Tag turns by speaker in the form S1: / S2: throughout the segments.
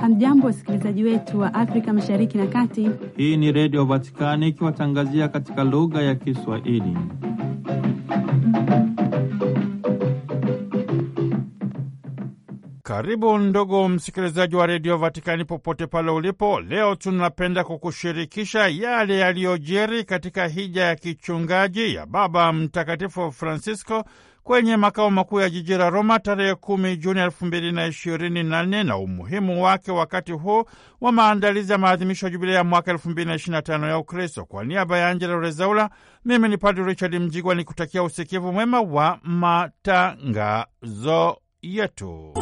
S1: Hamjambo, wasikilizaji wetu wa Afrika mashariki na kati.
S2: Hii ni Redio Vatikani ikiwatangazia katika lugha ya Kiswahili. Karibu ndugu msikilizaji wa redio Vatikani popote pale ulipo. Leo tunapenda kukushirikisha yale yaliyojiri katika hija ya kichungaji ya Baba Mtakatifu Francisco kwenye makao makuu ya jiji la Roma tarehe kumi Juni elfu mbili na ishirini na nne na umuhimu wake wakati huu wa maandalizi ya maadhimisho ya jubilia ya mwaka elfu mbili na na tano ya Ukristo. Kwa niaba ya Angela Rezaula, mimi ni Padre Richard Mjigwa ni kutakia usikivu mwema wa matangazo yetu.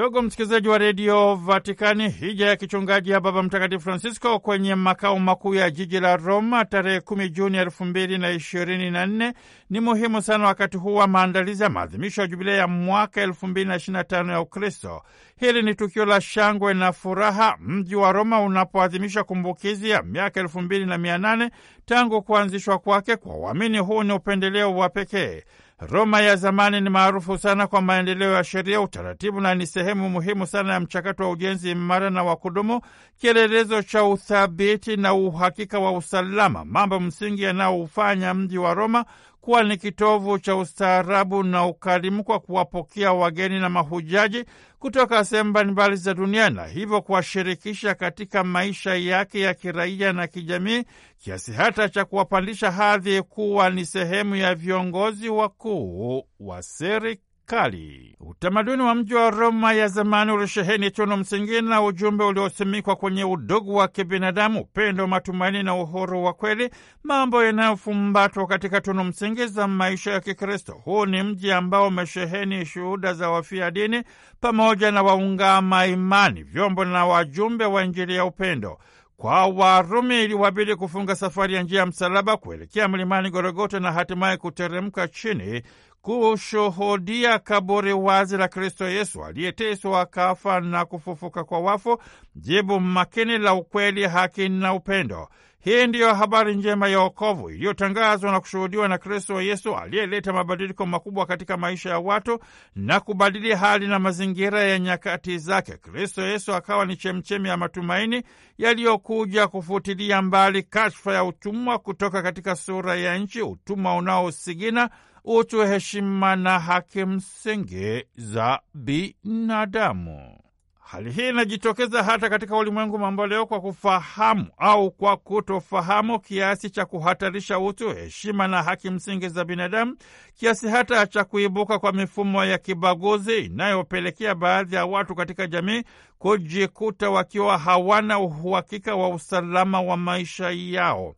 S2: Ndugu msikilizaji wa redio Vatikani, hija ya kichungaji ya Baba Mtakatifu Francisco kwenye makao makuu ya jiji la Roma tarehe kumi Juni elfu mbili na ishirini na nne ni muhimu sana wakati huu wa maandalizi ya maadhimisho ya jubilia ya mwaka elfu mbili na ishirini na tano ya Ukristo. Hili ni tukio la shangwe na furaha, mji wa Roma unapoadhimisha kumbukizi ya miaka elfu mbili na mia nane tangu kuanzishwa kwake. Kwa waamini, huu ni upendeleo wa pekee. Roma ya zamani ni maarufu sana kwa maendeleo ya sheria, utaratibu na ni sehemu muhimu sana ya mchakato wa ujenzi imara na wa kudumu, kielelezo cha uthabiti na uhakika wa usalama, mambo msingi yanayoufanya mji wa Roma kuwa ni kitovu cha ustaarabu na ukarimu kwa kuwapokea wageni na mahujaji kutoka sehemu mbalimbali za dunia na hivyo kuwashirikisha katika maisha yake ya kiraia na kijamii kiasi hata cha kuwapandisha hadhi kuwa ni sehemu ya viongozi wakuu wa serikali serikali. Utamaduni wa mji wa Roma ya zamani ulisheheni tunu msingi na ujumbe uliosimikwa kwenye udugu wa kibinadamu, upendo, matumaini na uhuru wa kweli, mambo yanayofumbatwa katika tunu msingi za maisha ya Kikristo. Huu ni mji ambao umesheheni shuhuda za wafia dini pamoja na waungama imani, vyombo na wajumbe wa Injili ya upendo. Kwa Warumi iliwabidi kufunga safari ya njia ya msalaba kuelekea mlimani Gologota na hatimaye kuteremka chini kushuhudia kaburi wazi la Kristo Yesu aliyeteswa akafa na kufufuka kwa wafu, jibu makini la ukweli, haki na upendo. Hii ndiyo habari njema ya wokovu iliyotangazwa na kushuhudiwa na Kristo Yesu aliyeleta mabadiliko makubwa katika maisha ya watu na kubadili hali na mazingira ya nyakati zake. Kristo Yesu akawa ni chemchemi ya matumaini yaliyokuja kufutilia mbali kashfa ya utumwa kutoka katika sura ya nchi, utumwa unaosigina utu, heshima na haki msingi za binadamu. Hali hii inajitokeza hata katika ulimwengu mamboleo kwa kufahamu au kwa kutofahamu kiasi cha kuhatarisha utu, heshima na haki msingi za binadamu, kiasi hata cha kuibuka kwa mifumo ya kibaguzi inayopelekea baadhi ya watu katika jamii kujikuta wakiwa hawana uhakika wa usalama wa maisha yao.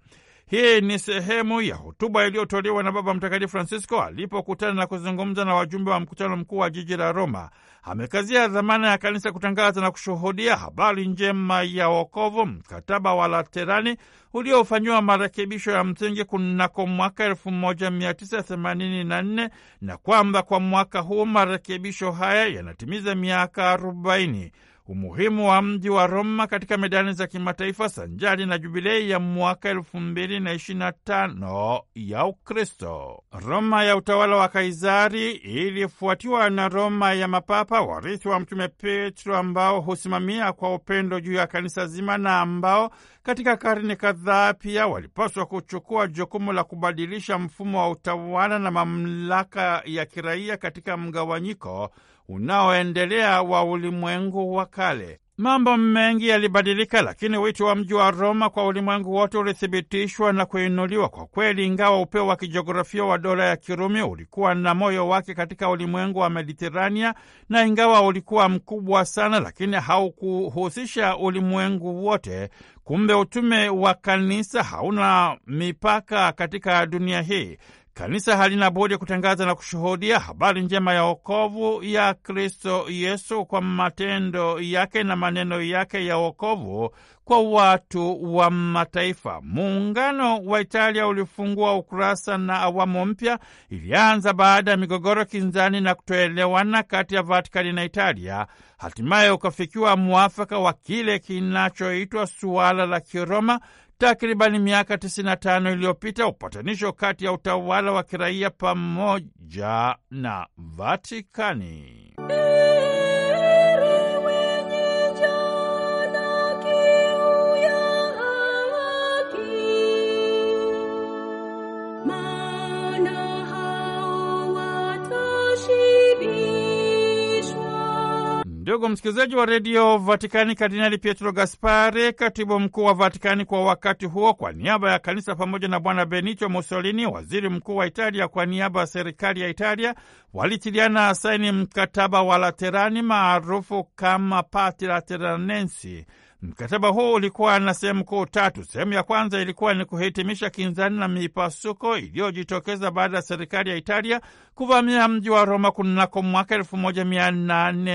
S2: Hii ni sehemu ya hotuba iliyotolewa na Baba Mtakatifu Francisco alipokutana na kuzungumza na wajumbe wa mkutano mkuu wa jiji la Roma. Amekazia dhamana ya kanisa kutangaza na kushuhudia habari njema ya wokovu, mkataba wa Laterani uliofanyiwa marekebisho ya msingi kunako mwaka 1984 na kwamba kwa mwaka huu marekebisho haya yanatimiza miaka 40 umuhimu wa mji wa Roma katika medani za kimataifa sanjari na jubilei ya mwaka elfu mbili na ishirini na tano ya Ukristo. Roma ya utawala wa Kaisari ilifuatiwa na Roma ya mapapa, warithi wa Mtume Petro, ambao husimamia kwa upendo juu ya kanisa zima na ambao katika karne kadhaa pia walipaswa kuchukua jukumu la kubadilisha mfumo wa utawala na mamlaka ya kiraia katika mgawanyiko unaoendelea wa ulimwengu wa kale. Mambo mengi yalibadilika, lakini wito wa mji wa Roma kwa ulimwengu wote ulithibitishwa na kuinuliwa. Kwa kweli, ingawa upeo wa kijiografia wa dola ya Kirumi ulikuwa na moyo wake katika ulimwengu wa Mediterania, na ingawa ulikuwa mkubwa sana, lakini haukuhusisha ulimwengu wote. Kumbe utume wa kanisa hauna mipaka katika dunia hii. Kanisa halina budi kutangaza na kushuhudia habari njema ya wokovu ya Kristo Yesu kwa matendo yake na maneno yake ya wokovu kwa watu wa mataifa. Muungano wa Italia ulifungua ukurasa na awamu mpya ilianza baada ya migogoro, kinzani na kutoelewana kati ya Vatikani na Italia. Hatimaye ukafikiwa mwafaka wa kile kinachoitwa suala la Kiroma Takribani miaka 95 iliyopita upatanisho kati ya utawala wa kiraia pamoja na Vatikani Ndugu msikilizaji wa redio Vatikani, Kardinali Pietro Gaspari, katibu mkuu wa Vatikani kwa wakati huo, kwa niaba ya kanisa pamoja na Bwana benicho Mussolini, waziri mkuu wa Italia, kwa niaba ya serikali ya Italia, walitiliana saini mkataba wa Laterani maarufu kama Pati Lateranensi Mkataba huu ulikuwa na sehemu kuu tatu. Sehemu ya kwanza ilikuwa ni kuhitimisha kinzani na mipasuko iliyojitokeza baada ya serikali ya Italia kuvamia mji wa Roma kunako mwaka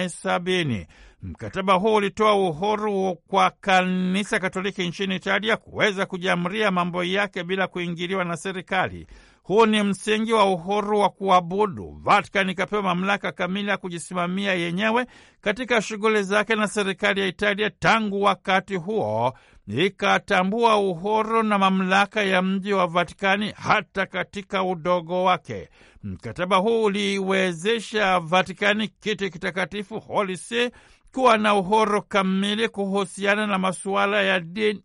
S2: sabini. Mkataba huu ulitoa uhuru kwa kanisa Katoliki nchini Italia kuweza kujiamulia mambo yake bila kuingiliwa na serikali. Huu ni msingi wa uhuru wa kuabudu. Vatikani ikapewa mamlaka kamili ya kujisimamia yenyewe katika shughuli zake, na serikali ya Italia tangu wakati huo ikatambua uhuru na mamlaka ya mji wa Vatikani hata katika udogo wake. Mkataba huu uliiwezesha Vatikani kiti kitakatifu, Holy See kuwa na uhuru kamili kuhusiana na masuala ya dini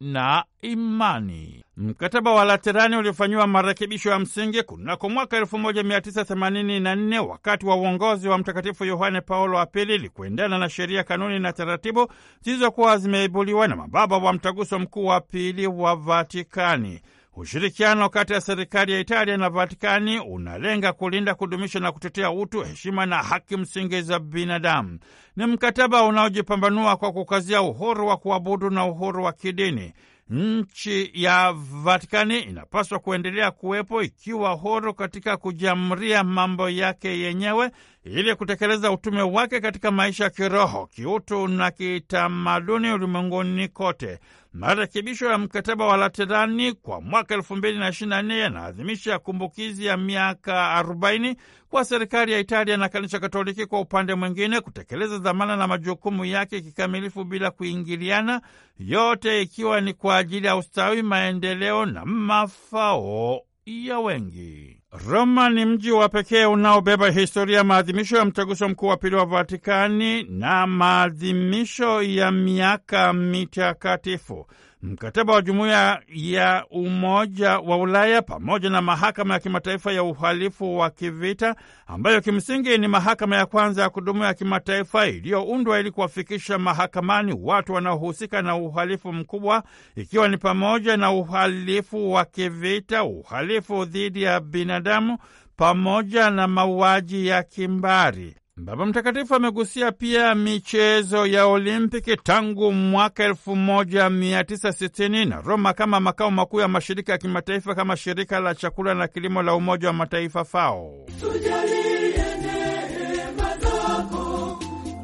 S2: na imani. Mkataba wa Laterani uliofanyiwa marekebisho ya msingi kunako mwaka 1984 wakati wa uongozi wa Mtakatifu Yohane Paulo wa Pili likuendana na sheria, kanuni na taratibu zilizokuwa zimeibuliwa na mababa wa Mtaguso Mkuu wa Pili wa Vatikani. Ushirikiano kati ya serikali ya Italia na Vatikani unalenga kulinda, kudumisha na kutetea utu, heshima na haki msingi za binadamu. Ni mkataba unaojipambanua kwa kukazia uhuru wa kuabudu na uhuru wa kidini. Nchi ya Vatikani inapaswa kuendelea kuwepo ikiwa huru katika kujiamulia mambo yake yenyewe ili kutekeleza utume wake katika maisha ya kiroho, kiutu na kitamaduni ulimwenguni kote. Marekebisho ya mkataba wa Laterani kwa mwaka elfu mbili na ishirini na nne yanaadhimisha kumbukizi ya miaka arobaini kwa serikali ya Italia na kanisa Katoliki kwa upande mwingine kutekeleza dhamana na majukumu yake kikamilifu bila kuingiliana, yote ikiwa ni kwa ajili ya ustawi, maendeleo na mafao ya wengi. Roma ni mji wa pekee unaobeba historia maadhimisho ya mtaguso mkuu wa pili wa Vatikani na maadhimisho ya miaka mitakatifu. Mkataba wa Jumuiya ya Umoja wa Ulaya pamoja na Mahakama ya Kimataifa ya Uhalifu wa Kivita, ambayo kimsingi ni mahakama ya kwanza ya kudumu ya kimataifa iliyoundwa ili kuwafikisha mahakamani watu wanaohusika na uhalifu mkubwa, ikiwa ni pamoja na uhalifu wa kivita, uhalifu dhidi ya binadamu pamoja na mauaji ya kimbari. Baba Mtakatifu amegusia pia michezo ya Olimpiki tangu mwaka 1960 na Roma kama makao makuu ya mashirika ya kimataifa kama shirika la chakula na kilimo la Umoja wa Mataifa FAO.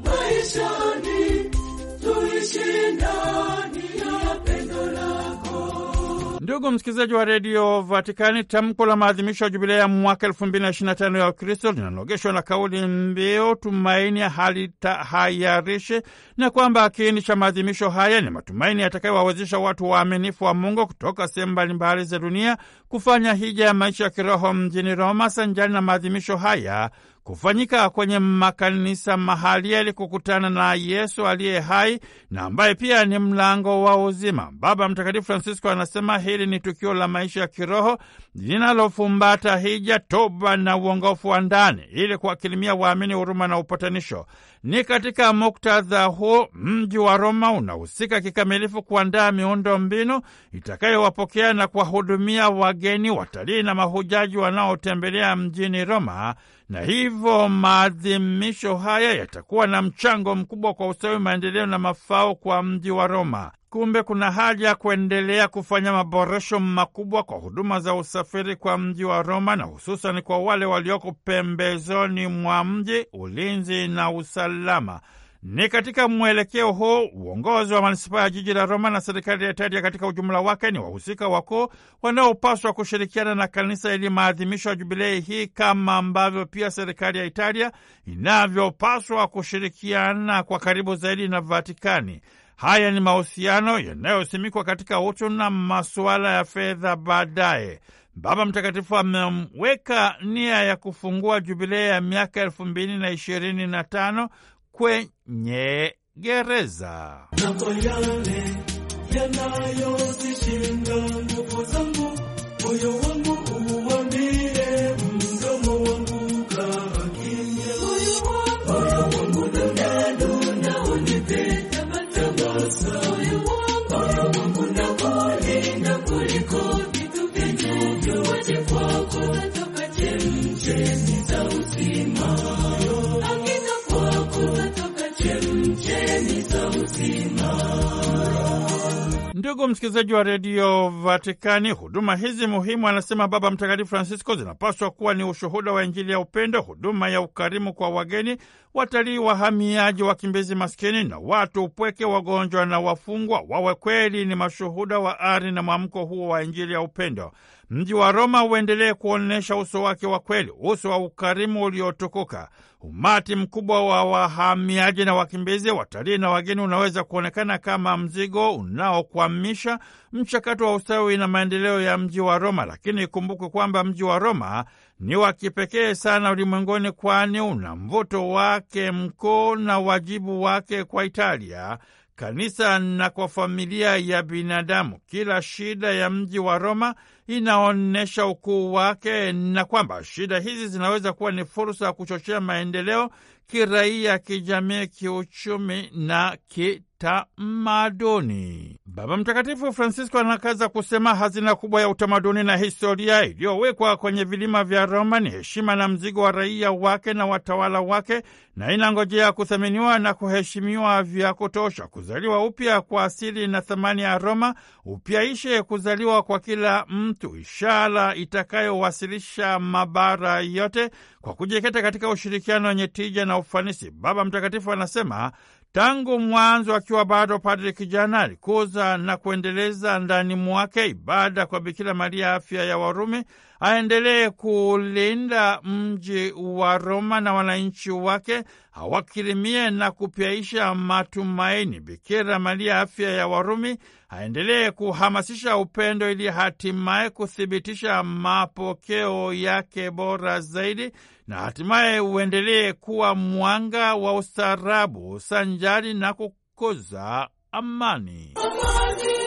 S3: Maishani
S2: Ndugu msikilizaji wa redio Vatikani, tamko la maadhimisho ya jubilei ya mwaka elfu mbili na ishirini na tano ya Ukristo linanogeshwa na kauli mbiu tumaini halitahayarishi, na kwamba kiini cha maadhimisho haya ni matumaini yatakayowawezesha watu waaminifu wa Mungu kutoka sehemu mbalimbali za dunia kufanya hija ya maisha ya kiroho mjini Roma sanjani na maadhimisho haya kufanyika kwenye makanisa mahali ili kukutana na Yesu aliye hai na ambaye pia ni mlango wa uzima. Baba Mtakatifu Francisco anasema hili ni tukio la maisha ya kiroho linalofumbata hija, toba na uongofu wa ndani, ili kuwakilimia waamini huruma na upatanisho. Ni katika muktadha huo mji wa Roma unahusika kikamilifu kuandaa miundo mbinu itakayowapokea na kuwahudumia wageni, watalii na mahujaji wanaotembelea mjini Roma, na hivyo maadhimisho haya yatakuwa na mchango mkubwa kwa ustawi, maendeleo na mafao kwa mji wa Roma. Kumbe kuna haja ya kuendelea kufanya maboresho makubwa kwa huduma za usafiri kwa mji wa Roma na hususan kwa wale walioko pembezoni mwa mji, ulinzi na usalama. Ni katika mwelekeo huu uongozi wa manispaa ya jiji la Roma na serikali ya Italia katika ujumla wake ni wahusika wakuu wanaopaswa kushirikiana na kanisa ili maadhimisho ya jubilei hii, kama ambavyo pia serikali ya Italia inavyopaswa kushirikiana kwa karibu zaidi na Vatikani. Haya ni mahusiano yanayosimikwa katika utu na masuala ya fedha. Baadaye Baba Mtakatifu ameweka nia ya kufungua jubilei ya miaka elfu mbili na ishirini na tano kwenye gereza yale
S3: yanayozishinda nguvu zangu moyo
S2: msikilizaji wa redio Vatikani, huduma hizi muhimu, anasema Baba Mtakatifu Francisco, zinapaswa kuwa ni ushuhuda wa Injili ya upendo, huduma ya ukarimu kwa wageni, watalii, wahamiaji, wakimbizi maskini na watu upweke, wagonjwa na wafungwa, wawe kweli ni mashuhuda wa ari na mwamko huo wa Injili ya upendo mji wa Roma uendelee kuonyesha uso wake wa kweli, uso wa ukarimu uliotukuka. Umati mkubwa wa wahamiaji na wakimbizi, watalii na wageni unaweza kuonekana kama mzigo unaokwamisha mchakato wa ustawi na maendeleo ya mji wa Roma, lakini ikumbukwe kwamba mji wa Roma ni wa kipekee sana ulimwenguni, kwani una mvuto wake mkuu na wajibu wake kwa Italia, kanisa na kwa familia ya binadamu. Kila shida ya mji wa Roma inaonyesha ukuu wake na kwamba shida hizi zinaweza kuwa ni fursa ya kuchochea maendeleo kiraia, kijamii, kiuchumi na ki utamaduni. Baba Mtakatifu Francisco anakaza kusema hazina kubwa ya utamaduni na historia iliyowekwa kwenye vilima vya Roma ni heshima na mzigo wa raia wake na watawala wake, na inangojea kuthaminiwa na kuheshimiwa vya kutosha. Kuzaliwa upya kwa asili na thamani ya Roma upyaishe kuzaliwa kwa kila mtu, ishara itakayowasilisha mabara yote kwa kujeketa katika ushirikiano wenye tija na ufanisi. Baba Mtakatifu anasema Tangu mwanzo akiwa bado padri kijana, alikuza na kuendeleza ndani mwake ibada kwa Bikira Maria, afya ya Warumi, aendelee kuulinda mji wa Roma na wananchi wake, awakirimie na kupyaisha matumaini. Bikira Maria, afya ya Warumi, aendelee kuhamasisha upendo ili hatimaye kuthibitisha mapokeo yake bora zaidi, na hatimaye uendelee kuwa mwanga wa ustaarabu sanjari na kukuza amani,
S3: amani.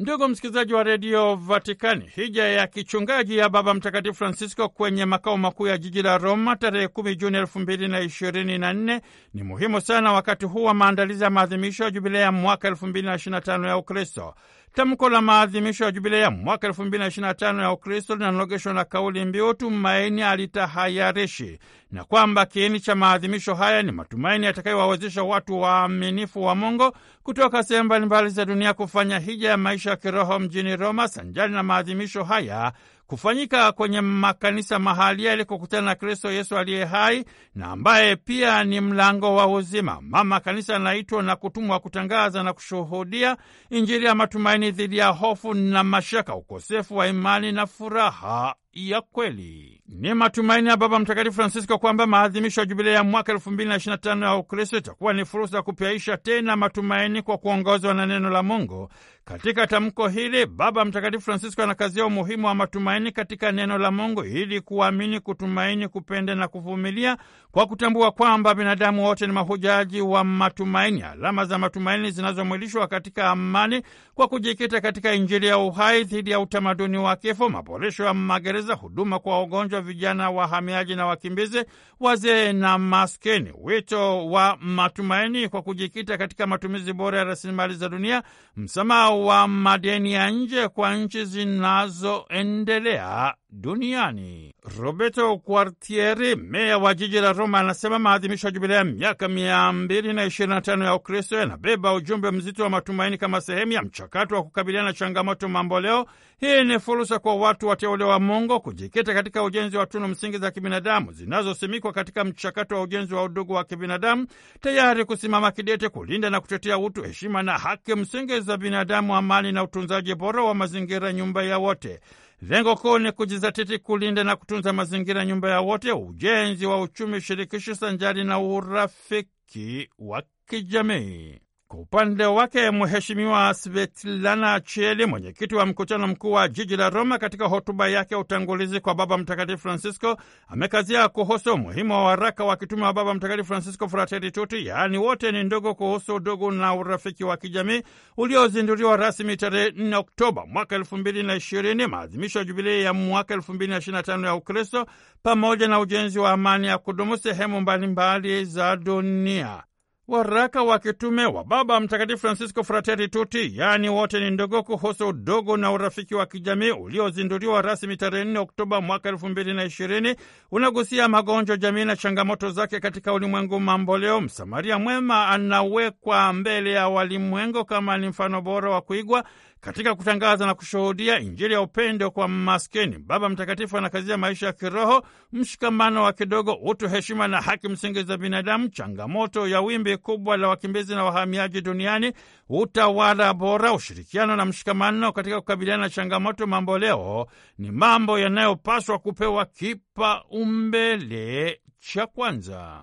S2: Ndugu msikilizaji wa redio Vatikani, hija ya kichungaji ya Baba Mtakatifu Francisco kwenye makao makuu ya jiji la Roma tarehe 1 Juni elfu mbili na ishirini na nne ni muhimu sana wakati huu wa maandalizi ya maadhimisho ya jubilea ya mwaka elfu mbili na ishirini na tano ya Ukristo. Tamko la maadhimisho ya jubilei ya mwaka elfu mbili na ishirini na tano ya Ukristo linanogeshwa na kauli mbiu tumaini alitahayarishi, na kwamba kiini cha maadhimisho haya ni matumaini yatakayowawezesha watu waaminifu wa Mungu kutoka sehemu mbalimbali za dunia kufanya hija ya maisha ya kiroho mjini Roma, sanjali na maadhimisho haya kufanyika kwenye makanisa mahalia ili kukutana na Kristo Yesu aliye hai na ambaye pia ni mlango wa uzima. Mama Kanisa anaitwa na kutumwa kutangaza na kushuhudia Injili ya matumaini dhidi ya hofu na mashaka, ukosefu wa imani na furaha ya kweli. Ni matumaini ya Baba Mtakatifu Francisco kwamba maadhimisho ya jubilei ya mwaka elfu mbili na tano ya Ukristo itakuwa ni fursa ya kupiaisha tena matumaini kwa kuongozwa na neno la Mungu. Katika tamko hili, Baba Mtakatifu Francisco anakazia umuhimu wa matumaini katika neno la Mungu ili kuamini, kutumaini, kupenda na kuvumilia, kwa kutambua kwamba binadamu wote ni mahujaji wa matumaini, alama za matumaini zinazomwilishwa katika amani, kwa kujikita katika Injili ya uhai dhidi ya utamaduni wa kifo, maboresho ya magereza, huduma kwa wagonjwa wagonjwa, vijana, wahamiaji na wakimbizi, wazee na maskini. Wito wa matumaini kwa kujikita katika matumizi bora ya rasilimali za dunia, msamaha wa madeni ya nje kwa nchi zinazoendelea duniani. Roberto Quartieri, meya wa jiji la Roma, anasema maadhimisho ya jubilea ya miaka mia mbili na ishirini na tano ya Ukristo yanabeba ujumbe mzito wa matumaini kama sehemu ya mchakato wa kukabiliana na changamoto mamboleo. Hii ni fursa kwa watu wateule wa Mungu kujikita katika ujenzi wa tunu msingi za kibinadamu zinazosimikwa katika mchakato wa ujenzi wa udugu wa kibinadamu, tayari kusimama kidete kulinda na kutetea utu, heshima na haki msingi za binadamu, amani na utunzaji bora wa mazingira, nyumba ya wote. Lengo kuu ni kujizatiti kulinda na kutunza mazingira, nyumba ya wote, ujenzi wa uchumi shirikishi sanjari na urafiki wa kijamii. Kwa upande wake Mheshimiwa Svetlana Cheli, mwenyekiti wa mkutano mkuu wa jiji la Roma, katika hotuba yake ya utangulizi kwa Baba Mtakatifu Francisco amekazia kuhusu umuhimu wa waraka wa kitume wa Baba Mtakatifu Francisco Fratelli Tutti, yaani wote ni ndugu, kuhusu udugu na urafiki wa kijamii uliozinduliwa rasmi tarehe 4 Oktoba mwaka 2020, maadhimisho ya jubilei ya mwaka 2025 ya Ukristo, pamoja na ujenzi wa amani ya kudumu sehemu mbalimbali za dunia. Waraka wa kitume wa Baba Mtakatifu Francisco frateri tuti yaani wote ni ndogo kuhusu udogo na urafiki wa kijamii uliozinduliwa rasmi tarehe 4 Oktoba mwaka elfu mbili na ishirini unagusia magonjwa jamii na changamoto zake katika ulimwengu mamboleo. Msamaria mwema anawekwa mbele ya walimwengu kama ni mfano bora wa kuigwa katika kutangaza na kushuhudia Injili ya upendo kwa maskini. Baba Mtakatifu anakazia maisha ya kiroho, mshikamano wa kidogo, utu, heshima na haki msingi za binadamu, changamoto ya wimbi kubwa la wakimbizi na wahamiaji duniani, utawala bora, ushirikiano na mshikamano katika kukabiliana na changamoto mambo leo ni mambo yanayopaswa kupewa kipaumbele cha kwanza.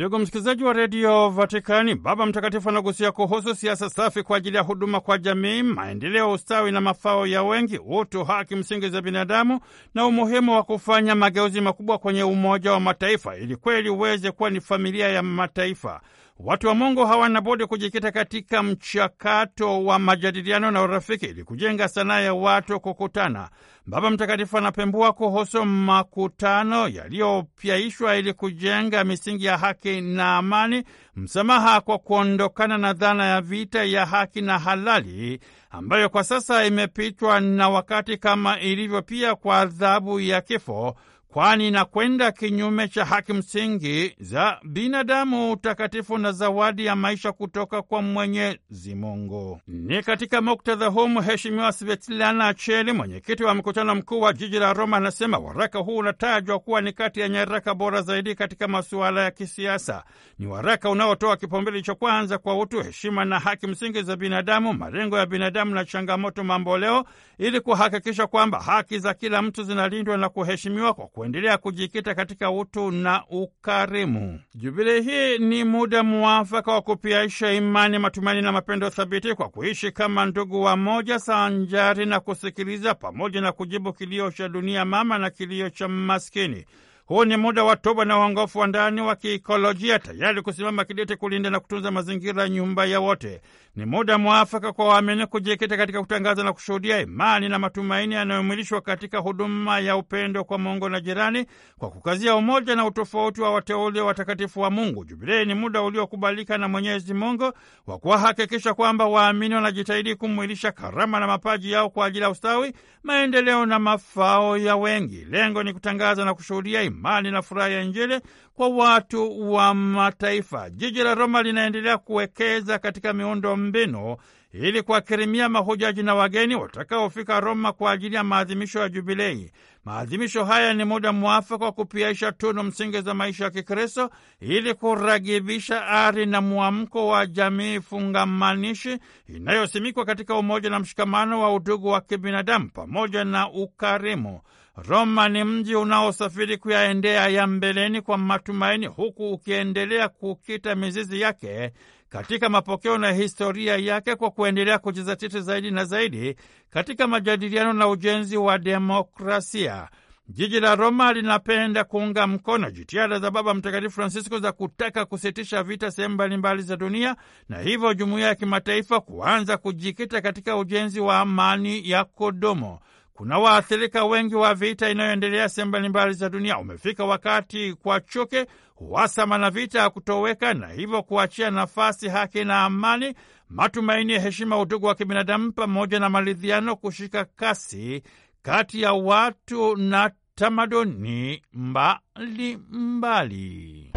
S2: Ndugu msikilizaji wa redio Vatikani, Baba Mtakatifu anagusia kuhusu siasa safi kwa ajili ya huduma kwa jamii, maendeleo, ustawi na mafao ya wengi, utu, haki msingi za binadamu na umuhimu wa kufanya mageuzi makubwa kwenye Umoja wa Mataifa ili kweli uweze kuwa ni familia ya mataifa. Watu wa Mungu hawana budi kujikita katika mchakato wa majadiliano na urafiki ili kujenga sanaa ya watu kukutana. Baba Mtakatifu anapembua kuhusu makutano yaliyopyaishwa ili kujenga misingi ya haki na amani, msamaha kwa kuondokana na dhana ya vita ya haki na halali ambayo kwa sasa imepitwa na wakati, kama ilivyo pia kwa adhabu ya kifo kwani inakwenda kinyume cha haki msingi za binadamu, utakatifu na zawadi ya maisha kutoka kwa Mwenyezi Mungu. Ni katika muktadha huu Mheshimiwa Svetlana cheli mwenyekiti wa mkutano mkuu wa jiji la Roma, anasema waraka huu unatajwa kuwa ni kati ya nyaraka bora zaidi katika masuala ya kisiasa. Ni waraka unaotoa kipaumbele cha kwanza kwa utu, heshima na haki msingi za binadamu, malengo ya binadamu na changamoto mamboleo, ili kuhakikisha kwamba haki za kila mtu zinalindwa na kuheshimiwa kwa kuendelea kujikita katika utu na ukarimu. Jubile hii ni muda muwafaka wa kupiaisha imani, matumaini na mapendo thabiti kwa kuishi kama ndugu wa moja, sanjari na kusikiliza pamoja na kujibu kilio cha dunia mama na kilio cha maskini. Huu ni muda wa toba na uongofu wa ndani wa kiikolojia, tayari kusimama kidete kulinda na kutunza mazingira nyumba ya wote. Ni muda mwafaka kwa waamini kujikita katika kutangaza na kushuhudia imani na matumaini yanayomwilishwa katika huduma ya upendo kwa Mungu na jirani, kwa kukazia umoja na utofauti wa wateule watakatifu wa Mungu. Jubilei ni muda uliokubalika na Mwenyezi Mungu wa kuwahakikisha kwamba waamini wanajitahidi kumwilisha karama na mapaji yao kwa ajili ya ustawi, maendeleo na mafao ya wengi. Lengo ni kutangaza na kushuhudia amani na furaha ya Injili kwa watu wa mataifa. Jiji la Roma linaendelea kuwekeza katika miundo mbinu ili kuwakirimia mahujaji na wageni watakaofika Roma kwa ajili ya maadhimisho ya Jubilei. Maadhimisho haya ni muda mwafaka wa kupiaisha tunu msingi za maisha ya Kikristo ili kuragibisha ari na mwamko wa jamii fungamanishi inayosimikwa katika umoja na mshikamano wa udugu wa kibinadamu pamoja na ukarimu. Roma ni mji unaosafiri kuyaendea ya mbeleni kwa matumaini, huku ukiendelea kukita mizizi yake katika mapokeo na historia yake kwa kuendelea kujizatiti zaidi na zaidi katika majadiliano na ujenzi wa demokrasia. Jiji la Roma linapenda kuunga mkono jitihada za Baba Mtakatifu Francisco za kutaka kusitisha vita sehemu mbalimbali za dunia na hivyo jumuiya ya kimataifa kuanza kujikita katika ujenzi wa amani ya kudumu kuna waathirika wengi wa vita inayoendelea sehemu mbalimbali za dunia. Umefika wakati kwa chuki, uhasama na vita ya kutoweka, na hivyo kuachia nafasi haki na amani, matumaini ya heshima, udugu wa kibinadamu pamoja na maridhiano kushika kasi kati ya watu na tamaduni mbalimbali.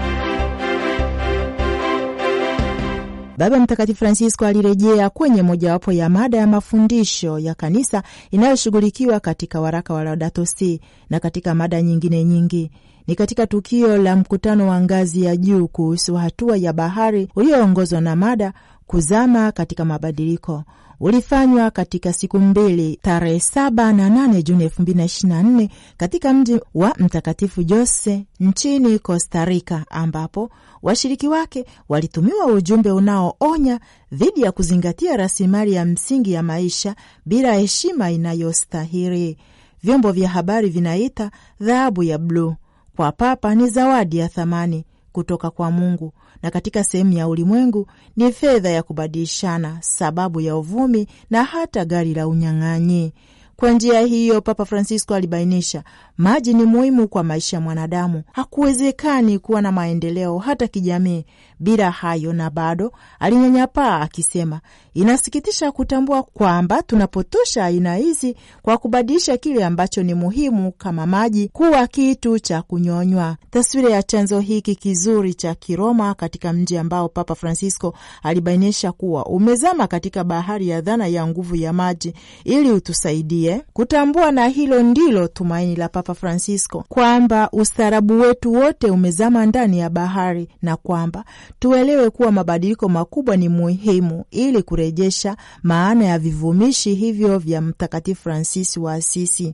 S1: Baba Mtakatifu Francisco alirejea kwenye mojawapo ya mada ya mafundisho ya kanisa inayoshughulikiwa katika waraka wa Laudato Si na katika mada nyingine nyingi. Ni katika tukio la mkutano wa ngazi ya juu kuhusu hatua ya bahari ulioongozwa na mada kuzama katika mabadiliko ulifanywa katika siku mbili tarehe saba na nane Juni elfu mbili na ishirini na nne katika mji wa Mtakatifu Jose nchini Costa Rica, ambapo washiriki wake walitumiwa ujumbe unaoonya dhidi ya kuzingatia rasilimali ya msingi ya maisha bila heshima inayostahili. Vyombo vya habari vinaita dhahabu ya bluu kwa Papa ni zawadi ya thamani kutoka kwa Mungu na katika sehemu ya ulimwengu ni fedha ya kubadilishana, sababu ya uvumi na hata gari la unyang'anyi. Kwa njia hiyo, Papa Francisco alibainisha maji ni muhimu kwa maisha ya mwanadamu. Hakuwezekani kuwa na maendeleo hata kijamii bila hayo, na bado alinyanyapaa akisema, inasikitisha kutambua kwamba tunapotosha aina hizi kwa kubadilisha kile ambacho ni muhimu kama maji kuwa kitu cha kunyonywa. Taswira ya chanzo hiki kizuri cha Kiroma katika mji ambao Papa Francisco alibainisha kuwa umezama katika bahari ya dhana ya nguvu ya maji ili utusaidie kutambua, na hilo ndilo tumaini la Papa Francisco kwamba ustaarabu wetu wote umezama ndani ya bahari na kwamba tuelewe kuwa mabadiliko makubwa ni muhimu ili kurejesha maana ya vivumishi hivyo vya Mtakatifu Fransisi wa Asisi.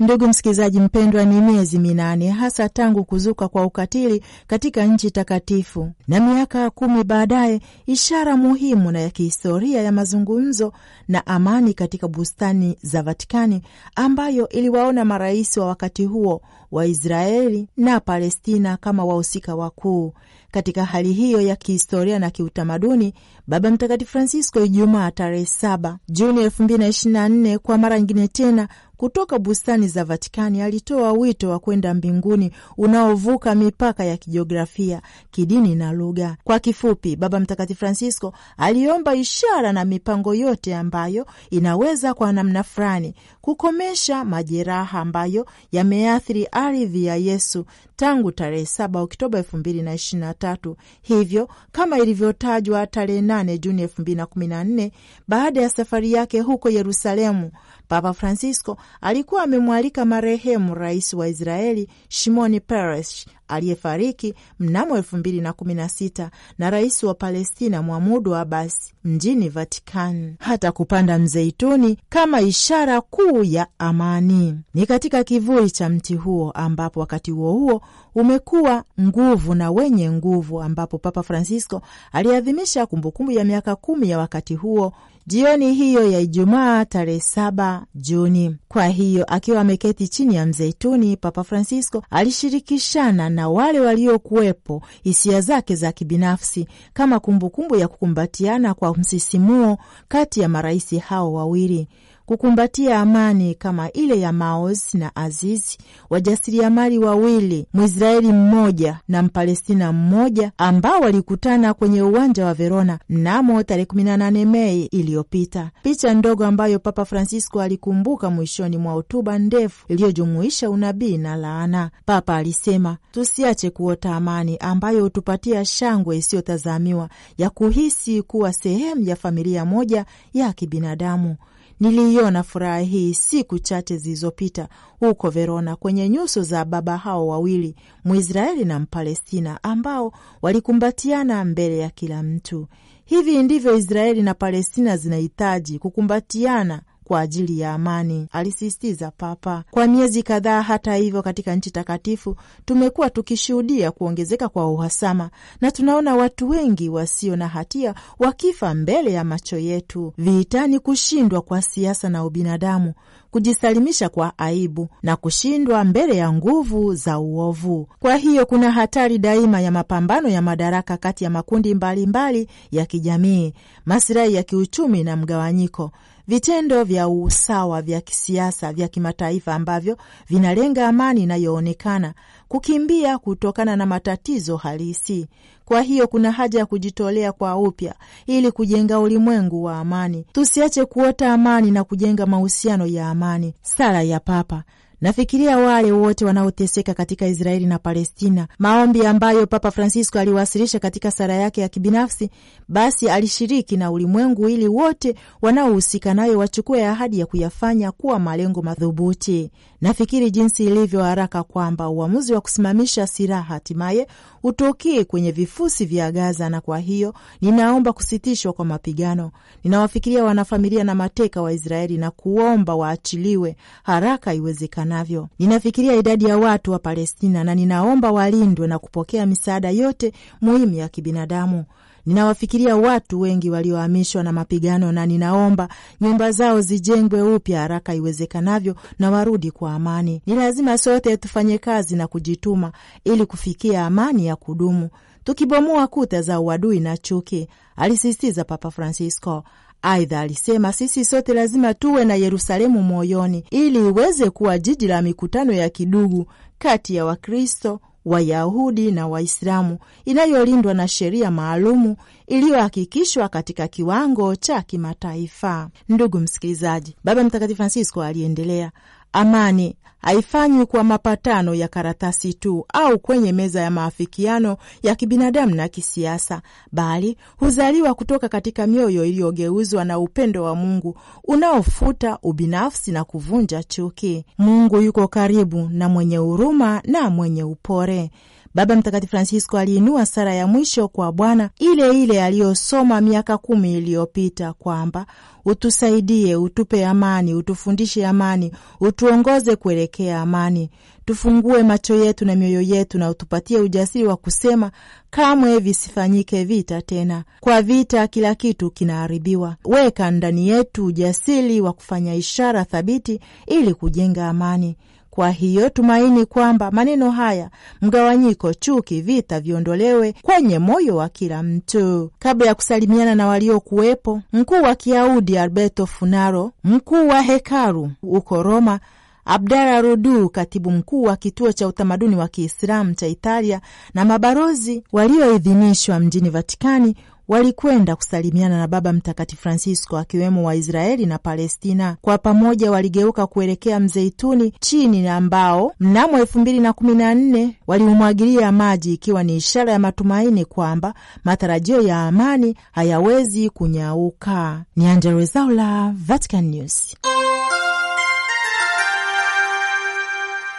S1: Ndugu msikilizaji mpendwa, ni miezi minane hasa tangu kuzuka kwa ukatili katika nchi takatifu, na miaka kumi baadaye, ishara muhimu na ya kihistoria ya mazungumzo na amani katika bustani za Vatikani ambayo iliwaona marais wa wakati huo wa Israeli na Palestina kama wahusika wakuu. Katika hali hiyo ya kihistoria na kiutamaduni, Baba Mtakatifu Francisco Ijumaa tarehe 7 Juni 2024 kwa mara nyingine tena kutoka bustani za Vatikani alitoa wito wa kwenda mbinguni unaovuka mipaka ya kijiografia, kidini na lugha. Kwa kifupi, Baba Mtakatifu Francisco aliomba ishara na mipango yote ambayo inaweza kwa namna fulani kukomesha majeraha ambayo yameathiri ardhi ya Yesu tangu tarehe 7 Oktoba 2023. Hivyo kama ilivyotajwa tarehe 8 Juni 2014, baada ya safari yake huko Yerusalemu Papa Francisco alikuwa amemwalika marehemu rais wa Israeli Shimoni Peres aliyefariki mnamo elfu mbili na kumi na sita na rais wa Palestina Mwamudu Abasi mjini Vatican hata kupanda mzeituni kama ishara kuu ya amani. Ni katika kivuli cha mti huo ambapo wakati huo huo umekuwa nguvu na wenye nguvu, ambapo Papa Francisco aliadhimisha kumbukumbu ya miaka kumi ya wakati huo jioni hiyo ya Ijumaa tarehe saba Juni. Kwa hiyo akiwa ameketi chini ya mzeituni, Papa Francisco alishirikishana na wale waliokuwepo hisia zake za kibinafsi kama kumbukumbu ya kukumbatiana kwa msisimuo kati ya marais hao wawili kukumbatia amani kama ile ya Maoz na Azizi, wajasiriamali wawili, Mwisraeli mmoja na Mpalestina mmoja, ambao walikutana kwenye uwanja wa Verona mnamo tarehe 18 Mei iliyopita. Picha ndogo ambayo Papa Francisco alikumbuka mwishoni mwa hotuba ndefu iliyojumuisha unabii na laana. Papa alisema, tusiache kuota amani ambayo hutupatia shangwe isiyotazamiwa ya kuhisi kuwa sehemu ya familia moja ya kibinadamu. Niliiona furaha hii siku chache zilizopita huko Verona, kwenye nyuso za baba hao wawili, Mwisraeli na Mpalestina, ambao walikumbatiana mbele ya kila mtu. Hivi ndivyo Israeli na Palestina zinahitaji kukumbatiana kwa ajili ya amani, alisisitiza Papa. Kwa miezi kadhaa, hata hivyo, katika nchi takatifu tumekuwa tukishuhudia kuongezeka kwa uhasama na tunaona watu wengi wasio na hatia wakifa mbele ya macho yetu vihitani kushindwa kwa siasa na ubinadamu, kujisalimisha kwa aibu na kushindwa mbele ya nguvu za uovu. Kwa hiyo kuna hatari daima ya mapambano ya madaraka kati ya makundi mbalimbali mbali ya kijamii, masilahi ya kiuchumi na mgawanyiko vitendo vya usawa vya kisiasa vya kimataifa ambavyo vinalenga amani inayoonekana, kukimbia kutokana na matatizo halisi. Kwa hiyo kuna haja ya kujitolea kwa upya ili kujenga ulimwengu wa amani. Tusiache kuota amani na kujenga mahusiano ya amani. Sala ya Papa Nafikiria wale wote wanaoteseka katika Israeli na Palestina, maombi ambayo Papa Francisco aliwasilisha katika sara yake ya kibinafsi. Basi alishiriki na ulimwengu ili wote wanaohusika nayo wachukue ahadi ya kuyafanya kuwa malengo madhubuti. Nafikiri jinsi ilivyo haraka kwamba uamuzi wa kusimamisha silaha hatimaye utokee kwenye vifusi vya Gaza, na kwa hiyo ninaomba kusitishwa kwa mapigano. Ninawafikiria wanafamilia na mateka wa Israeli na kuomba waachiliwe haraka iwezekanavyo. Ninafikiria idadi ya watu wa Palestina na ninaomba walindwe na kupokea misaada yote muhimu ya kibinadamu. Ninawafikiria watu wengi waliohamishwa na mapigano, na ninaomba nyumba zao zijengwe upya haraka iwezekanavyo na warudi kwa amani. Ni lazima sote tufanye kazi na kujituma ili kufikia amani ya kudumu, tukibomoa kuta za uadui na chuki, alisisitiza Papa Francisco. Aidha alisema sisi sote lazima tuwe na Yerusalemu moyoni ili iweze kuwa jiji la mikutano ya kidugu kati ya Wakristo Wayahudi na Waislamu inayolindwa na sheria maalumu iliyohakikishwa katika kiwango cha kimataifa. Ndugu msikilizaji, Baba Mtakatifu Francisco aliendelea, amani haifanywi kwa mapatano ya karatasi tu au kwenye meza ya maafikiano ya kibinadamu na kisiasa, bali huzaliwa kutoka katika mioyo iliyogeuzwa na upendo wa Mungu unaofuta ubinafsi na kuvunja chuki. Mungu yuko karibu na mwenye huruma na mwenye upore. Baba Mtakatifu Francisco aliinua sara ya mwisho kwa Bwana ile ile aliyosoma miaka kumi iliyopita kwamba utusaidie, utupe amani, utufundishe amani, utuongoze kuelekea amani, tufungue macho yetu na mioyo yetu, na utupatie ujasiri wa kusema kamwe visifanyike vita tena. Kwa vita kila kitu kinaharibiwa. Weka ndani yetu ujasiri wa kufanya ishara thabiti ili kujenga amani. Kwa hiyo tumaini kwamba maneno haya, mgawanyiko, chuki, vita, viondolewe kwenye moyo wa kila mtu. Kabla ya kusalimiana na waliokuwepo, mkuu wa Kiyahudi Alberto Funaro, mkuu wa hekalu huko Roma, Abdala Rudu, katibu mkuu wa kituo cha utamaduni wa Kiislamu cha Italia, na mabalozi walioidhinishwa mjini Vatikani walikwenda kusalimiana na Baba Mtakatifu Francisco, akiwemo Waisraeli na Palestina. Kwa pamoja waligeuka kuelekea Mzeituni chini, na ambao mnamo elfu mbili na kumi na nne waliumwagilia maji, ikiwa ni ishara ya matumaini kwamba matarajio ya amani hayawezi kunyauka. Ni Angella Rwezaula, Vatican News.